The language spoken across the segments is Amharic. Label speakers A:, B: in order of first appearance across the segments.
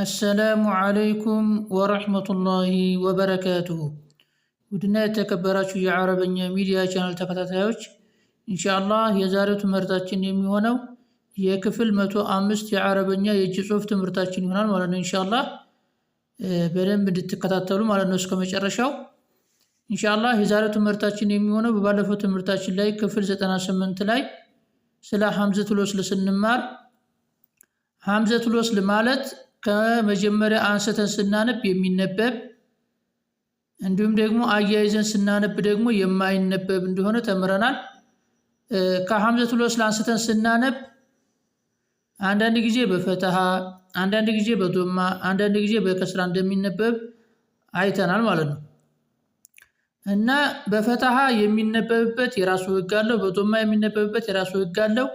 A: አሰላሙ ዓለይኩም ወረሕመቱላሂ ወበረካቱሁ። ውድና የተከበራችሁ የአረበኛ ሚዲያ ቻናል ተከታታዮች ኢንሻአላህ የዛሬው ትምህርታችን የሚሆነው የክፍል መቶ አምስት የአረበኛ የእጅ ጽሑፍ ትምህርታችን ይሆናል ማለት ነው። ኢንሻአላህ በደንብ እንድትከታተሉ ማለት ነው እስከ መጨረሻው። ኢንሻአላህ የዛሬው ትምህርታችን የሚሆነው በባለፈው ትምህርታችን ላይ ክፍል 98 ላይ ስለ ሐምዘቱል ወስል ስንማር ሐምዘቱል ወስል ማለት ከመጀመሪያ አንስተን ስናነብ የሚነበብ እንዲሁም ደግሞ አያይዘን ስናነብ ደግሞ የማይነበብ እንደሆነ ተምረናል። ከሐምዘቱል ወስል አንስተን ስናነብ አንዳንድ ጊዜ በፈተሃ አንዳንድ ጊዜ በዶማ አንዳንድ ጊዜ በከስራ እንደሚነበብ አይተናል ማለት ነው። እና በፈተሃ የሚነበብበት የራሱ ህግ አለው። በዶማ የሚነበብበት የራሱ ህግ አለው።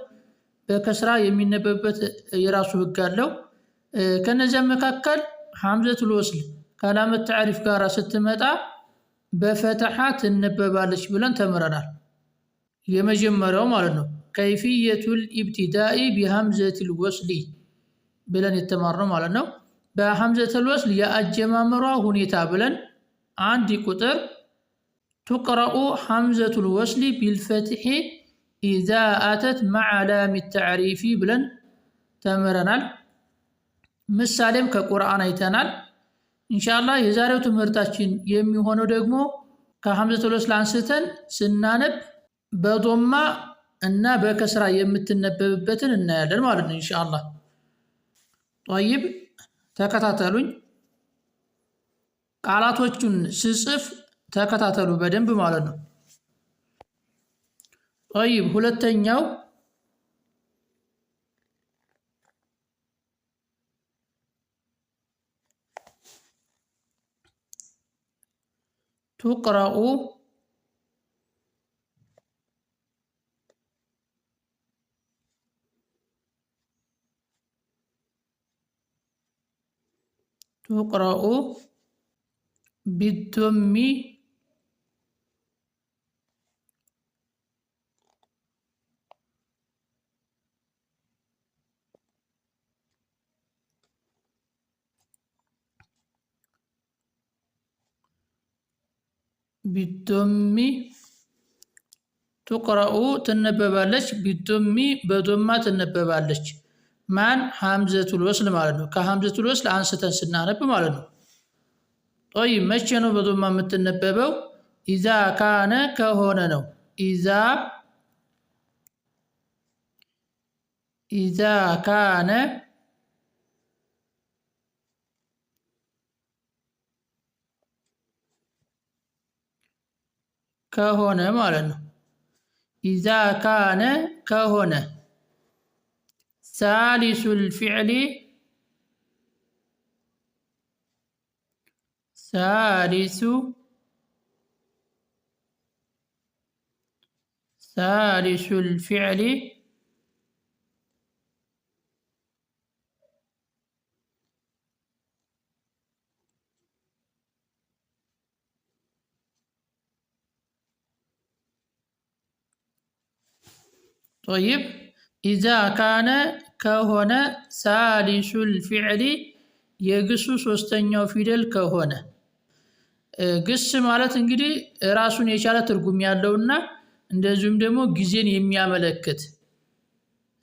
A: በከስራ የሚነበብበት የራሱ ህግ አለው። كنزم مكاكل حمزة الوصل كلام التعريف كارا ست متى بفتحات النببالش بلن تمرنا يمجم مرانو كيفية الابتداء بهمزة الوصل بلن يتمرن مرانو بهمزة الوصل يا أجما مراهوني تابلن عندي كتر تقرأ حمزة الوصل بالفتح إذا أتت مع لام التعريف بلن تمرنا ምሳሌም ከቁርአን አይተናል። እንሻላ የዛሬው ትምህርታችን የሚሆነው ደግሞ ከሐምዘቱል ወስል ስናነብ በዶማ እና በከስራ የምትነበብበትን እናያለን ማለት ነው። እንሻላ ጠይብ ተከታተሉኝ። ቃላቶቹን ስጽፍ ተከታተሉ በደንብ ማለት ነው። ጠይብ ሁለተኛው تقرأ تقرأ بالدم ቢዶሚ ቱቅረኡ ትነበባለች። ቢዶሚ በዶማ ትነበባለች። ማን ሐምዘቱል ወስል ማለት ነው። ከሐምዘቱል ወስል አንስተን ስናነብ ማለት ነው። ጦይ መቼ ነው በዶማ የምትነበበው? ኢዛ ካነ ከሆነ ነው። ኢዛ ኢዛ ካነ ከሆነ ማለት ነው። ኢዛ ካነ ከሆነ ሳሊሱል ፊዕሊ ሳሊሱ ሳሊሱል ፊዕሊ ጠይብ ኢዛ ካነ ከሆነ ሳሊሱል ፊዕሊ የግሱ ሶስተኛው ፊደል ከሆነ ግስ ማለት እንግዲህ ራሱን የቻለ ትርጉም ያለውና እንደዚሁም ደግሞ ጊዜን የሚያመለክት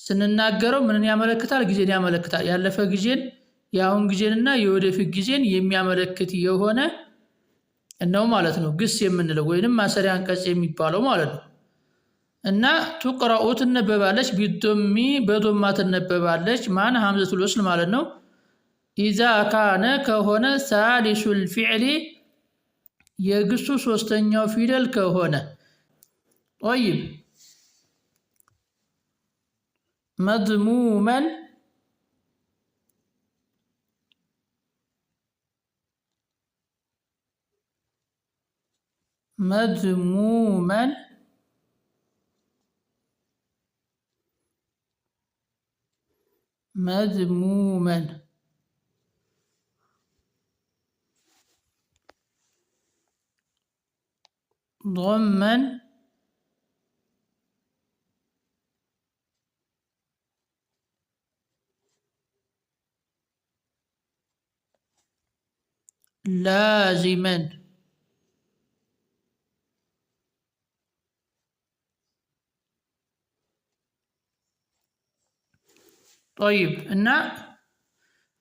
A: ስንናገረው ምንን ያመለክታል? ጊዜን ያመለክታል። ያለፈ ጊዜን፣ የአሁን ጊዜንና የወደፊት ጊዜን የሚያመለክት የሆነ ነው ማለት ነው ግስ የምንለው ወይንም ማሰሪያ አንቀጽ የሚባለው ማለት ነው። እና ቱቅረኡ ትነበባለች። ቢዶሚ በዶማ ትነበባለች። ማን ሀምዘቱል ወስል ማለት ነው። ኢዛ ካነ ከሆነ ሳሊሱል ፊዕሊ የግሱ ሶስተኛው ፊደል ከሆነ ጦይብ መድሙመን መድሙመን مذموما ضما لازما ጦይብ እና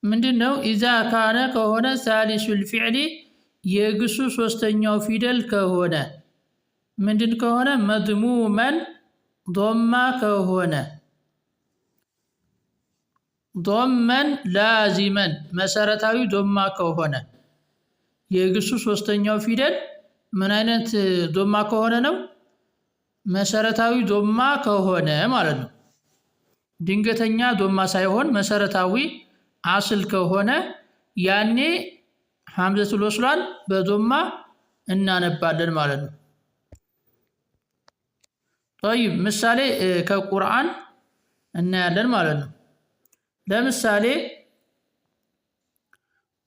A: ምንድን ነው ኢዛ ካነ ከሆነ ሳሊሱል ፊዕሊ የግሱ ሶስተኛው ፊደል ከሆነ ምንድን ከሆነ መድሙመን ዶማ ከሆነ ዶመን ላዚመን መሰረታዊ ዶማ ከሆነ የግሱ ሶስተኛው ፊደል ምን አይነት ዶማ ከሆነ ነው? መሰረታዊ ዶማ ከሆነ ማለት ነው። ድንገተኛ ዶማ ሳይሆን መሰረታዊ አስል ከሆነ ያኔ ሐምዘቱል ወስሏን በዶማ እናነባለን ማለት ነው። ጠይብ ምሳሌ ከቁርአን እናያለን ማለት ነው። ለምሳሌ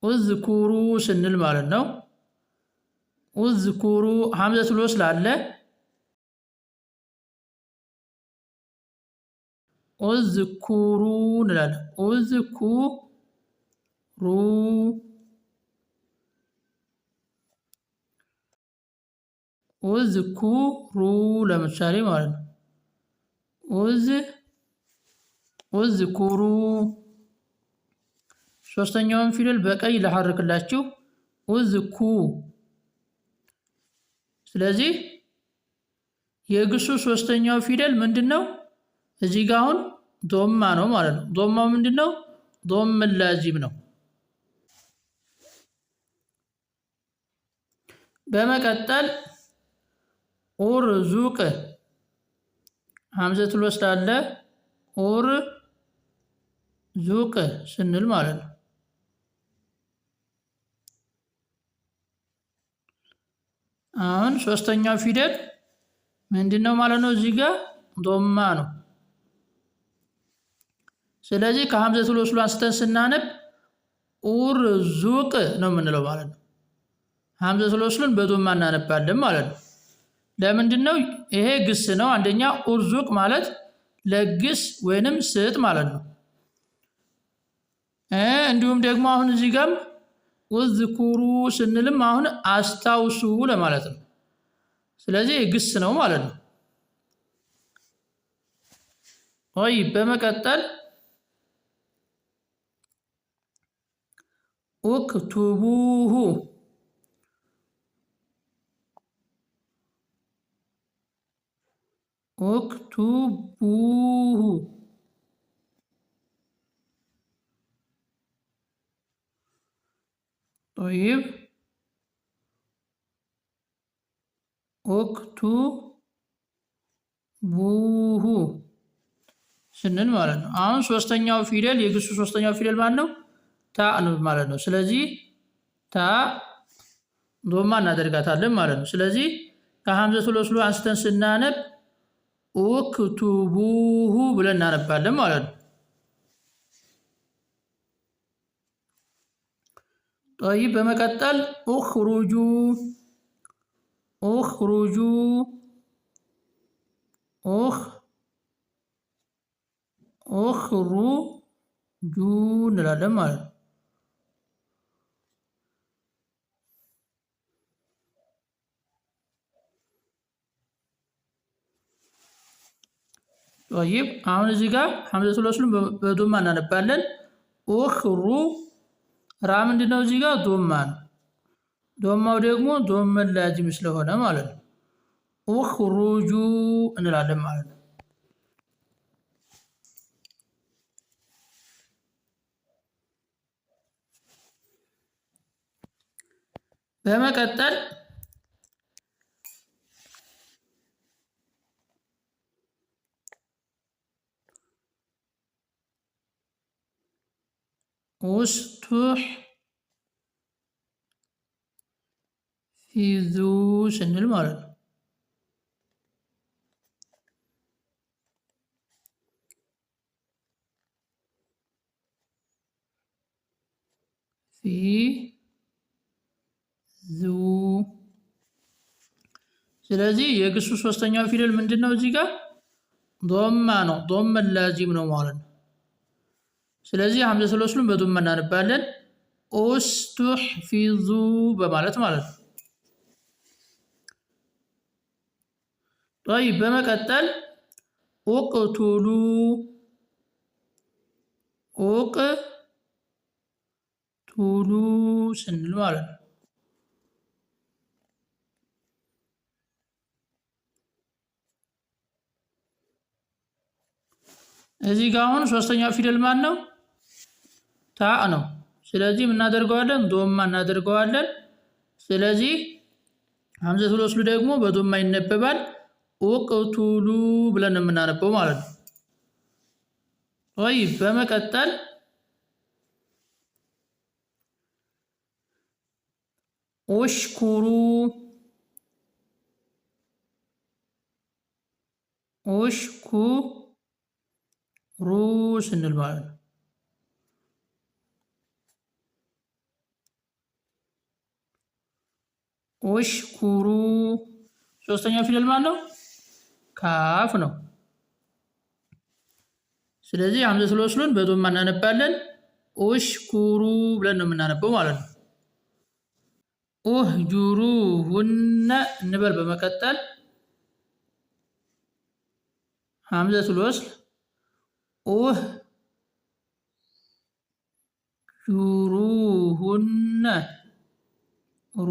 A: ኡዝኩሩ ስንል ማለት ነው። ኡዝኩሩ ሐምዘቱል ወስል አለ። ኡዝኩሩ እንላለን። ኡዝኩሩ ኡዝኩሩ ለምሳሌ ማለት ነው። ኡዝ ኡዝኩሩ ሶስተኛውን ፊደል በቀይ ላሐርክላችሁ ኡዝኩ። ስለዚህ የግሱ ሶስተኛው ፊደል ምንድን ነው? እዚህ ጋ አሁን ዶማ ነው ማለት ነው። ዶማው ምንድን ነው? ዶም ላዚም ነው። በመቀጠል ኡር ዙቅ ወስል አለ። ኡር ዙቅ ስንል ማለት ነው። አሁን ሶስተኛው ፊደል ምንድን ነው ማለት ነው? እዚህ ጋ ዶማ ነው። ስለዚህ ከሀምዘት ልወስሉ አንስተን ስናነብ ኡር ዙቅ ነው የምንለው ማለት ነው። ሀምዘት ልወስሉን በዶማ እናነባለን ማለት ነው። ለምንድን ነው ይሄ ግስ ነው። አንደኛ ኡርዙቅ ማለት ለግስ ወይንም ስጥ ማለት ነው። እንዲሁም ደግሞ አሁን እዚህ ጋም ውዝኩሩ ስንልም አሁን አስታውሱ ለማለት ነው። ስለዚህ ግስ ነው ማለት ነው። ወይ በመቀጠል اكتبوه اكتبوه طيب اكتبوه ስንል ማለት ነው። አሁን ሶስተኛው ፊደል የግሱ ሶስተኛው ፊደል ማን ነው? تا انو مالنو سلزي تا دوما نادر قاتا لن مالنو سلازي كا حمزة الوصلو عنستان سنانب اكتبوه بلن نانب بلن مالنو طيب بما قتل اخرجو اخرجو اخ اخرجو نلالن مالنو ጠይብ አሁን እዚህ ጋር ሐምዘቱል ወስሉን በዶማ እናነባለን። ኡኽሩ ራ ምንድን ነው? እዚህ ጋር ዶማ ነው። ዶማው ደግሞ ዶመን ላዚም ስለሆነ ማለት ነው ኡኽሩጁ እንላለን ማለት ነው። በመቀጠል أسطح في ذو سن المرض في ذو سلازي يكسو سوستانيا في للمندنة وزيكا ضمانو ضم اللازم نوالن ስለዚህ ሀምዘ ስለስሉን በዱም እናነባለን። ኡስቱሕፊዙ በማለት ማለት ነው። ይ በመቀጠል ኡቅቱሉ ኡቅ ቱሉ ስንል ማለት ነው። እዚህ ጋ አሁን ሶስተኛው ፊደል ማን ነው? ታ ነው። ስለዚህ እናደርገዋለን ዶማ እናደርገዋለን። ስለዚህ ሀምዘቱል ወስሉ ደግሞ በዶማ ይነበባል። ኡቅቱሉ ብለን የምናነበው ማለት ነው። ወይ በመቀጠል ኡሽኩሩ ኡሽኩሩ ስንል ማለት ነው። ኡሽ ኩሩ ሶስተኛው ፊደል ማን ነው? ካፍ ነው። ስለዚህ ሀምዘቱል ወስሉን በዶማ እናነባለን። ኡሽ ኩሩ ብለን ነው የምናነበው ማለት ነው። ኡህ ጁሩ ሁነ እንበል። በመቀጠል ሀምዘቱል ወስል ኡህ ጁሩሁነ ሩ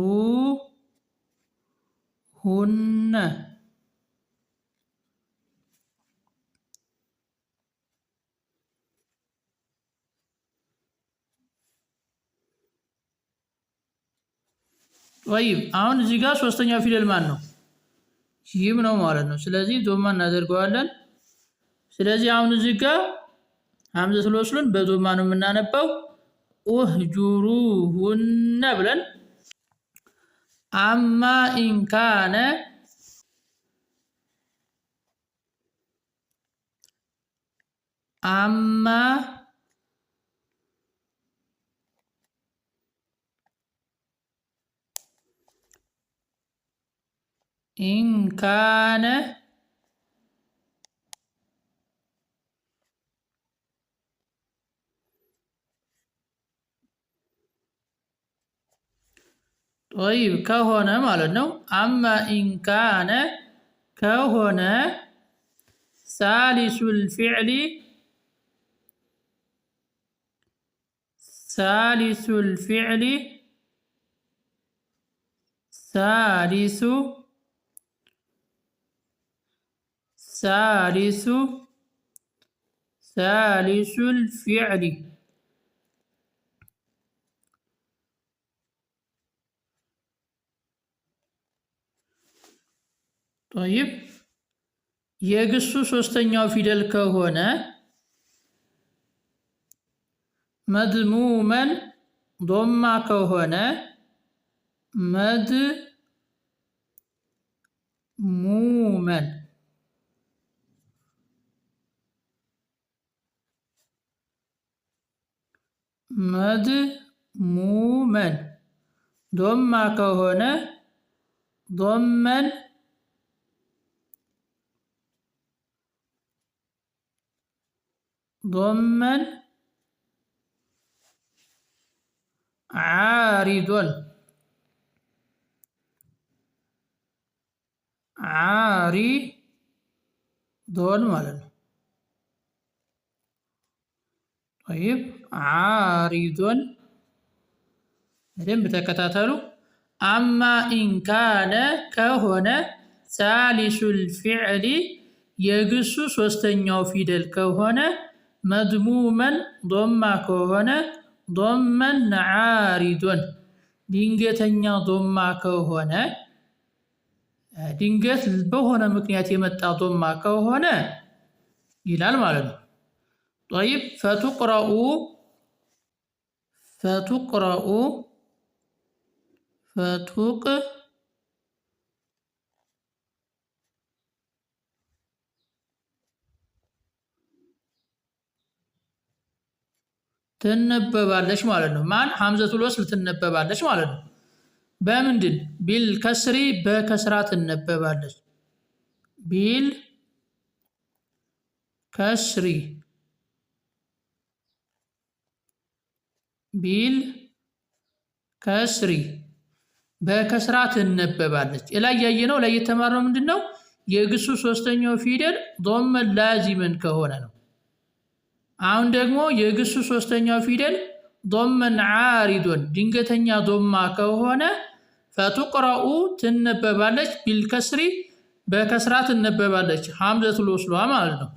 A: ሁነ ጠይብ አሁን እዚህ ጋር ሶስተኛው ፊደል ማን ነው? ይህም ነው ማለት ነው። ስለዚህ ዶማ እናደርገዋለን። ስለዚህ አሁን እዚህ ጋር ሀምዘቱል ወስሉን በዶማ ነው የምናነባው። ኡህ ኡህጁሩሁነ ብለን أما إن كان أما إن كان طيب كهنا مالنا أما إن كان كهنا ثالث الفعل ثالث الفعل ثالث ثالث ثالث الفعل ጦይብ የግሱ ሶስተኛው ፊደል ከሆነ መድሙመን ዶማ ከሆነ መድ ሙመን መድ ሙመን ዶማ ከሆነ ዶመን ዶመን ዓሪዶን ዓሪ ዶን ማለት ነው። ጠይብ ዓሪዶን ተከታተሉ። አማ ኢንካነ ከሆነ ሳሊሱል ፊዕሊ የግሱ ሶስተኛው ፊደል ከሆነ مدموما ضم كهنا ضم عارض دينجت أن ضم كهنا دينجت بهنا مكنيات يمت ضم كهنا إلى المعلم طيب فتقرأ فتقرأ فتقرأ ትነበባለች ማለት ነው። ማን ሐምዘቱል ወስል ትነበባለች ማለት ነው። በምንድን ቢል ከስሪ በከስራ ትነበባለች። ቢል ከስሪ ቢል ከስሪ በከስራ ትነበባለች። ላይ ያየነው ላይ የተማርነው ምንድን ነው? የግሱ ሶስተኛው ፊደል ዶመን ላዚምን ከሆነ ነው። አሁን ደግሞ የግሱ ሶስተኛው ፊደል ዶመን ዓሪዶን ድንገተኛ ዶማ ከሆነ ፈቱቅረኡ ትነበባለች፣ ቢልከስሪ በከስራ ትነበባለች። ሐምዘቱል ወስሏ ማለት ነው።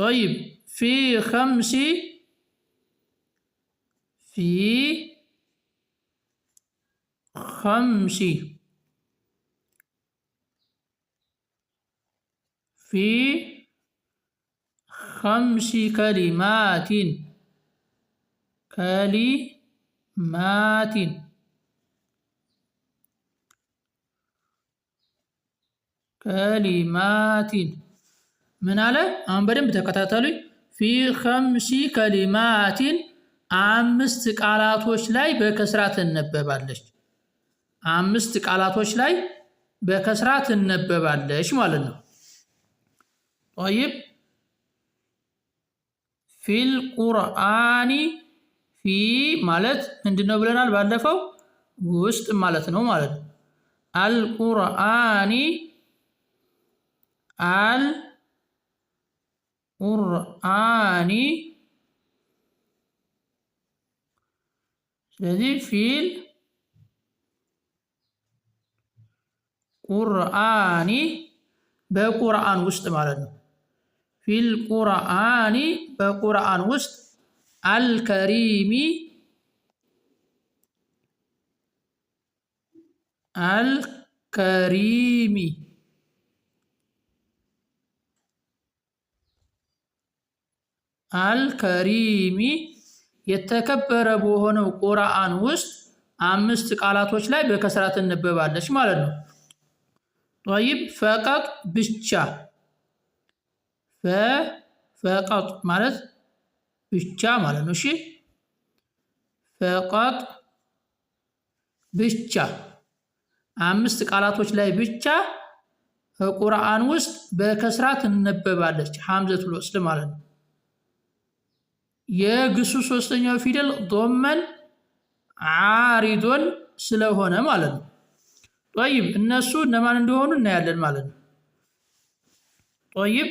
A: ጠይብ ፊ ከምሲ ፊ ከምሲ ፊ ኸምሲ ከሊማቲን ከሊማቲን ከሊማቲን ምን አለ? አሁን በደንብ ተከታተሉኝ። ፊ ኸምሲ ከሊማቲን አምስት ቃላቶች ላይ በከስራ ትነበባለች። አምስት ቃላቶች ላይ በከስራ ትነበባለች ማለት ነው። ጠይብ ፊል ቁርአኒ ፊ ማለት ምንድነው ብለናል? ባለፈው ውስጥ ማለት ነው ማለት ነው። አልቁርአኒ አል ቁርአኒ ስለዚህ ፊል ቁርአኒ በቁርአን ውስጥ ማለት ነው። ፊል ቁርአኒ በቁርአን ውስጥ አልከሪሚ አልከሪሚ አልከሪሚ የተከበረ በሆነው ቁርአን ውስጥ አምስት ቃላቶች ላይ በከስራ ትነበባለች ማለት ነው። ጠይብ ፈቀቅ ብቻ ፈቀጥ ማለት ብቻ ማለት ነው። እሺ ፈቀጥ ብቻ አምስት ቃላቶች ላይ ብቻ ከቁርአን ውስጥ በከስራ ትነበባለች ሐምዘቱል ወስል ማለት ነው። የግሱ ሶስተኛው ፊደል ዶመን ዓሪዶን ስለሆነ ማለት ነው። ጦይብ እነሱ እነማን እንደሆኑ እናያለን ማለት ነው። ጦይብ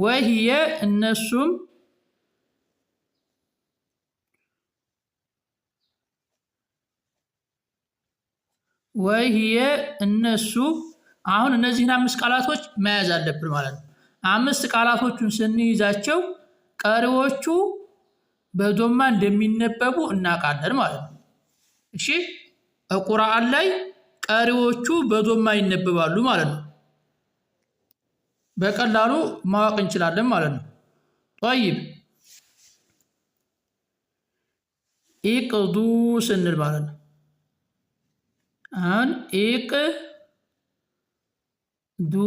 A: ወህየ እነሱም ወህየ እነሱ አሁን እነዚህን አምስት ቃላቶች መያዝ አለብን ማለት ነው። አምስት ቃላቶቹን ስንይዛቸው ቀሪዎቹ በዶማ እንደሚነበቡ እናውቃለን ማለት ነው። እሺ ቁርአን ላይ ቀሪዎቹ በዶማ ይነበባሉ ማለት ነው። በቀላሉ ማወቅ እንችላለን ማለት ነው። ጠይብ ኢቅዱ ስንል ማለት ነው። አሁን ኢቅ ዱ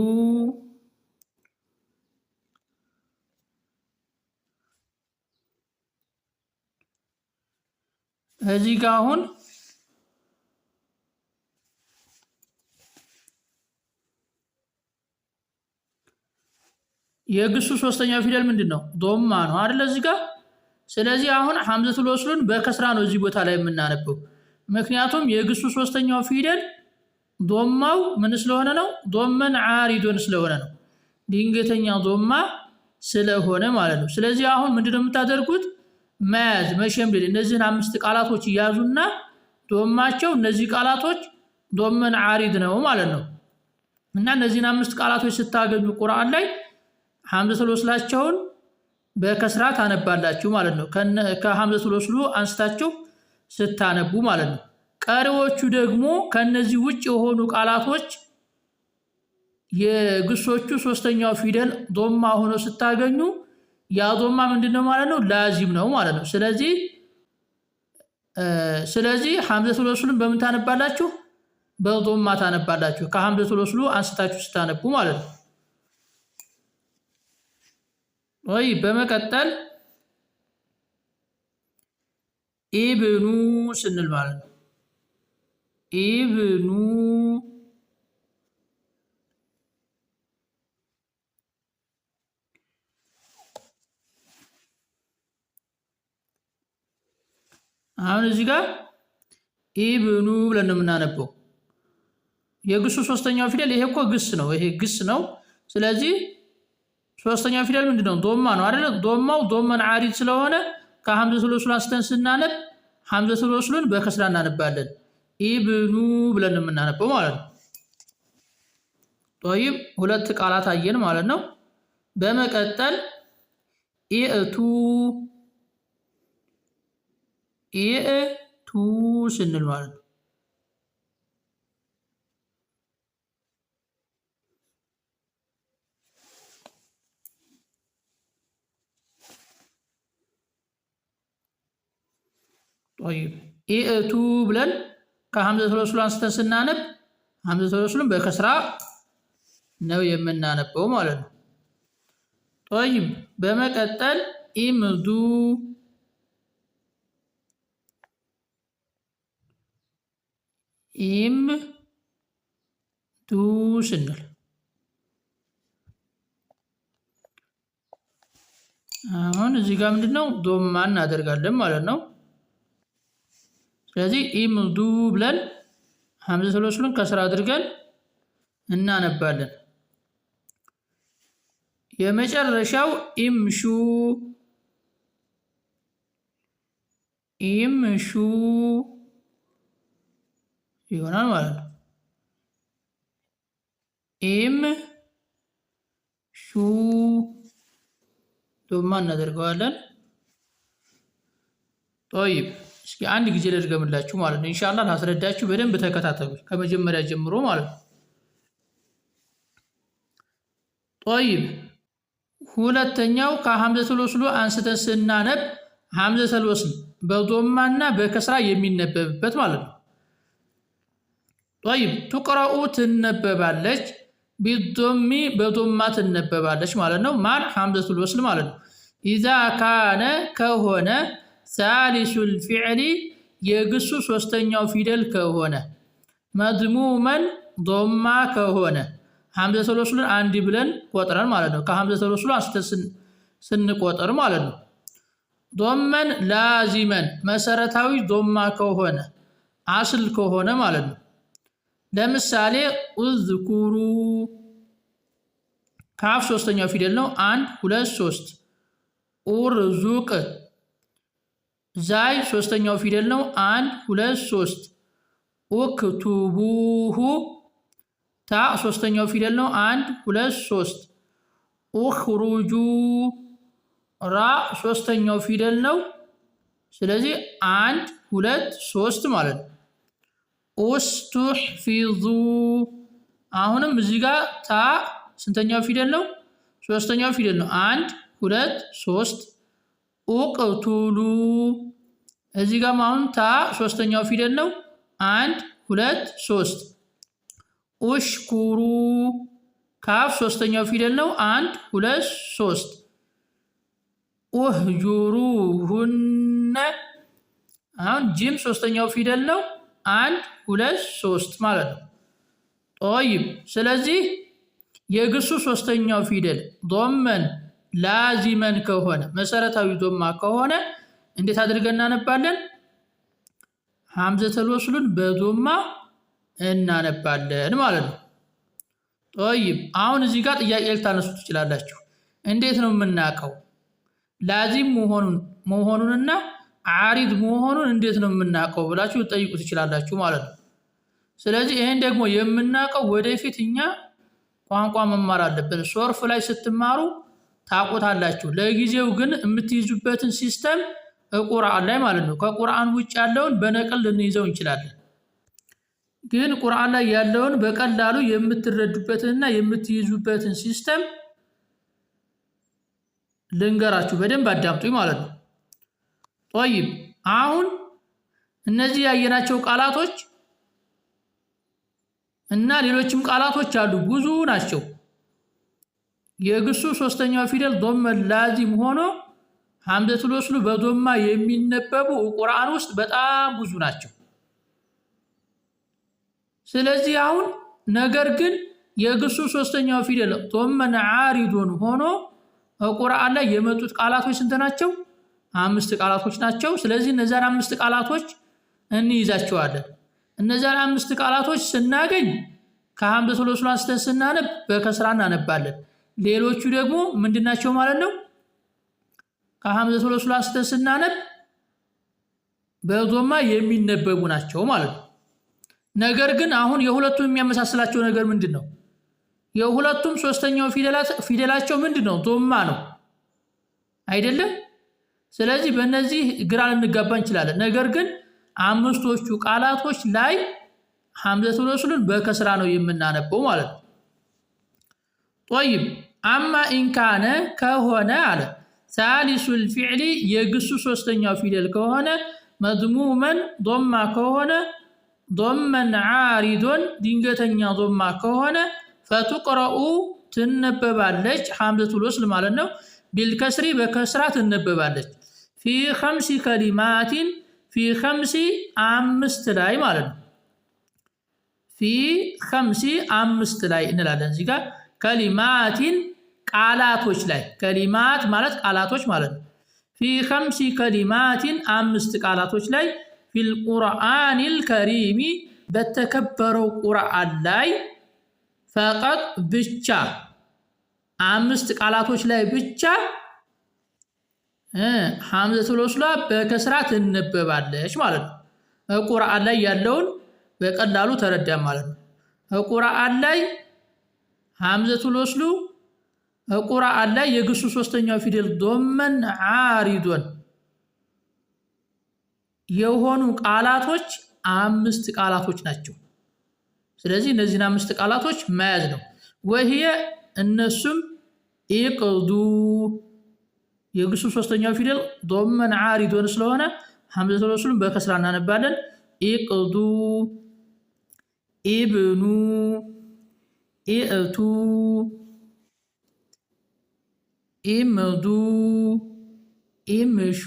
A: እዚህ ጋ አሁን የግሱ ሶስተኛው ፊደል ምንድን ነው? ዶማ ነው አደለ እዚህ ጋር ስለዚህ አሁን ሐምዘቱል ወስሉን በከስራ ነው እዚህ ቦታ ላይ የምናነበው። ምክንያቱም የግሱ ሶስተኛው ፊደል ዶማው ምን ስለሆነ ነው? ዶመን ዓሪዶን ስለሆነ ነው። ድንገተኛ ዶማ ስለሆነ ማለት ነው። ስለዚህ አሁን ምንድነው የምታደርጉት? መያዝ፣ መሸምደድ እነዚህን አምስት ቃላቶች እያዙና ዶማቸው እነዚህ ቃላቶች ዶመን ዓሪድ ነው ማለት ነው እና እነዚህን አምስት ቃላቶች ስታገኙ ቁርአን ላይ ሐምዘቱል ወስላቸውን በከስራ ታነባላችሁ ማለት ነው። ከሐምዘቱል ወስሉ አንስታችሁ ስታነቡ ማለት ነው። ቀሪዎቹ ደግሞ ከነዚህ ውጭ የሆኑ ቃላቶች የግሶቹ ሶስተኛው ፊደል ዶማ ሆኖ ስታገኙ ያ ዶማ ምንድን ነው ማለት ነው? ላዚም ነው ማለት ነው። ስለዚህ ስለዚህ ሐምዘቱል ወስሉን በምን ታነባላችሁ? በዶማ ታነባላችሁ። ከሐምዘቱል ወስሉ አንስታችሁ ስታነቡ ማለት ነው። ወይ በመቀጠል ኢብኑ ስንል ማለት ነው። ኢብኑ አሁን እዚህ ጋር ኢብኑ ብለን ነው የምናነበው። የግሱ ሶስተኛው ፊደል ይሄ እኮ ግስ ነው። ይሄ ግስ ነው። ስለዚህ ሶስተኛው ፊደል ምንድነው? ዶማ ነው አይደለ? ዶማው ዶመን ዓሪድ ስለሆነ ከሐምዘቱል ወስል አንስተን ስናነብ ሐምዘቱል ወስሉን በከስራ እናነባለን። ኢብኑ ብለን የምናነበው ማለት ነው። ጦይብ ሁለት ቃላት አየን ማለት ነው። በመቀጠል ኢእቱ ኢእቱ ስንል ማለት ነው ይብ ኢእቱ ብለን ከሐምዘቱል ወስሉ አንስተን ስናነብ ሐምዘቱል ወስሉን በከስራ ነው የምናነበው ማለት ነው። ጦይም በመቀጠል ኢምዱ ኢም ዱ ስንል አሁን እዚህ ጋር ምንድን ነው ዶማ እናደርጋለን ማለት ነው። ስለዚህ ኢምዱ ብለን ሐምዘ ሰለሱሉን ከስራ አድርገን እናነባለን። የመጨረሻው ኢምሹ ኢምሹ ይሆናል ማለት ነው። ኢም ሹ ዶማ እናደርገዋለን። ጦይብ እስኪ አንድ ጊዜ ልድገምላችሁ ማለት ነው። እንሻላ ላስረዳችሁ፣ በደንብ ተከታተሉ ከመጀመሪያ ጀምሮ ማለት ነው። ጦይብ ሁለተኛው ከሐምዘተል ወስሉ አንስተን ስናነብ ሐምዘተል ወስል በዶማና በከስራ የሚነበብበት ማለት ነው። ጦይብ ቱቅረኡ ትነበባለች፣ ቢዶሚ በዶማ ትነበባለች ማለት ነው። ማን ሐምዘተል ወስል ማለት ነው። ኢዛ ካነ ከሆነ ሳሊሱል ፊዕሊ የግሱ ሶስተኛው ፊደል ከሆነ መድሙመን ዶማ ከሆነ ሐምዘ ተወስሉን አንድ ብለን ቆጥረን ማለት ነው። ከሐምዘ ተወስሉ አንስተን ስንቆጥር ማለት ነው። ዶመን ላዚመን መሰረታዊ ዶማ ከሆነ አስል ከሆነ ማለት ነው። ለምሳሌ እዝኩሩ ካፍ ሶስተኛው ፊደል ነው። አንድ ሁለት ሶስት ኡርዙቅ ዛይ ሶስተኛው ፊደል ነው። አንድ ሁለት ሶስት። ኡክቱቡሁ ታ ሶስተኛው ፊደል ነው። አንድ ሁለት ሶስት። ኡኽሩጁ ራ ሶስተኛው ፊደል ነው። ስለዚህ አንድ ሁለት ሶስት ማለት ነው። ኡስቱሕፊዙ አሁንም እዚህ ጋር ታ ስንተኛው ፊደል ነው? ሶስተኛው ፊደል ነው። አንድ ሁለት ሶስት። ኡቅቱሉ እዚህ ጋም አሁን ታ ሶስተኛው ፊደል ነው። አንድ ሁለት ሶስት። ኡሽኩሩ ካፍ ሶስተኛው ፊደል ነው። አንድ ሁለት ሶስት። ኡህጁሩሁነ አሁን ጂም ሶስተኛው ፊደል ነው። አንድ ሁለት ሶስት ማለት ነው። ጦይም ስለዚህ የግሱ ሶስተኛው ፊደል ዶመን ላዚመን ከሆነ መሰረታዊ ዶማ ከሆነ እንዴት አድርገን እናነባለን? ሐምዘተል ወስሉን በዶማ እናነባለን ማለት ነው። ጦይብ አሁን እዚህ ጋር ጥያቄ ልታነሱ ትችላላችሁ። እንዴት ነው የምናውቀው ላዚም መሆኑን መሆኑንና አሪድ መሆኑን እንዴት ነው የምናውቀው ብላችሁ ልጠይቁ ትችላላችሁ ማለት ነው። ስለዚህ ይህን ደግሞ የምናውቀው ወደፊት እኛ ቋንቋ መማር አለብን። ሶርፍ ላይ ስትማሩ ታውቁታላችሁ። ለጊዜው ግን የምትይዙበትን ሲስተም ቁርአን ላይ ማለት ነው። ከቁርአን ውጭ ያለውን በነቅል ልንይዘው እንችላለን። ግን ቁርአን ላይ ያለውን በቀላሉ የምትረዱበትንና የምትይዙበትን ሲስተም ልንገራችሁ። በደንብ አዳምጡኝ ማለት ነው። ጦይም አሁን እነዚህ ያየናቸው ቃላቶች እና ሌሎችም ቃላቶች አሉ፣ ብዙ ናቸው። የግሱ ሶስተኛው ፊደል ዶመን ላዚም ሆኖ ሐምዘቱል ወስሉ በዶማ የሚነበቡ ቁርአን ውስጥ በጣም ብዙ ናቸው። ስለዚህ አሁን ነገር ግን የግሱ ሶስተኛው ፊደል ዶመን አሪዶን ሆኖ ቁርአን ላይ የመጡት ቃላቶች ስንት ናቸው? አምስት ቃላቶች ናቸው። ስለዚህ እነዚያን አምስት ቃላቶች እንይዛቸዋለን። እነዚያን አምስት ቃላቶች ስናገኝ ከሐምዘቱል ወስሉ አንስተን ስናነብ በከስራ እናነባለን። ሌሎቹ ደግሞ ምንድናቸው ማለት ነው ሀምዘቱል ወስል አንስተን ስናነብ በዶማ የሚነበቡ ናቸው ማለት ነው። ነገር ግን አሁን የሁለቱም የሚያመሳስላቸው ነገር ምንድን ነው? የሁለቱም ሶስተኛው ፊደላቸው ምንድን ነው? ዶማ ነው አይደለም? ስለዚህ በእነዚህ ግራ ልንጋባ እንችላለን። ነገር ግን አምስቶቹ ቃላቶች ላይ ሀምዘቱል ወስሉን በከስራ ነው የምናነበው ማለት ነው። ጦይብ አማ ኢንካነ ከሆነ አለ ሳሊሱል ፊዕሊ የግሱ ሶስተኛው ፊደል ከሆነ መድሙመን ዶማ ከሆነ ዶመን ዓሪዶን ድንገተኛ ዶማ ከሆነ ፈቱቅረኡ ትነበባለች ሐምዘቱል ወስል ማለት ነው። ቢልከስሪ በከስራ ትነበባለች። ፊ ከምሲ ከሊማቲን ፊ ከምሲ አምስት ላይ ማለት ነው። ፊ ከምሲ አምስት ላይ እንላለን እዚህ ጋር ከሊማቲን ቃላቶች ላይ ከሊማት ማለት ቃላቶች ማለት ነው። ፊ ከምሲ ከሊማቲን አምስት ቃላቶች ላይ ፊልቁርአኒል ከሪሚ በተከበረው ቁርአን ላይ ፈቀጥ ብቻ አምስት ቃላቶች ላይ ብቻ ሐምዘቱል ወስላ በከስራ ትነበባለች ማለት ነው። ቁርአን ላይ ያለውን በቀላሉ ተረዳ ማለት ነው። ቁርአን ላይ ሐምዘቱል ወስሉ ቁርአን ላይ የግሱ ሶስተኛው ፊደል ዶመን አሪዶን የሆኑ ቃላቶች አምስት ቃላቶች ናቸው። ስለዚህ እነዚህን አምስት ቃላቶች መያዝ ነው። ወህየ እነሱም ኢቅዱ የግሱ ሶስተኛው ፊደል ዶመን አሪዶን ስለሆነ ሐምዘቱል ወስሉን በከስራ እናነባለን። ኢቅዱ፣ ኢብኑ፣ ኢእቱ ኢምዱ ኢምሹ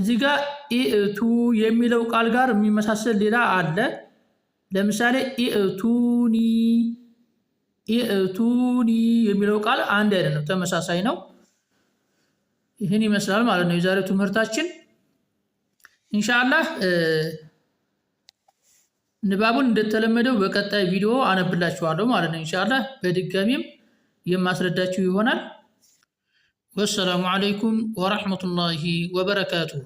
A: እዚህ ጋር ኢእቱ የሚለው ቃል ጋር የሚመሳሰል ሌላ አለ። ለምሳሌ ኢእቱኒ ኢእቱኒ የሚለው ቃል አንድ አይደለም፣ ተመሳሳይ ነው። ይህን ይመስላል ማለት ነው የዛሬው ትምህርታችን። እንሻላህ ንባቡን እንደተለመደው በቀጣይ ቪዲዮ አነብላችኋለሁ ማለት ነው ኢንሻአላህ በድጋሚም የማስረዳችሁ ይሆናል። ወሰላሙ አለይኩም ወራህመቱላሂ ወበረካቱሁ።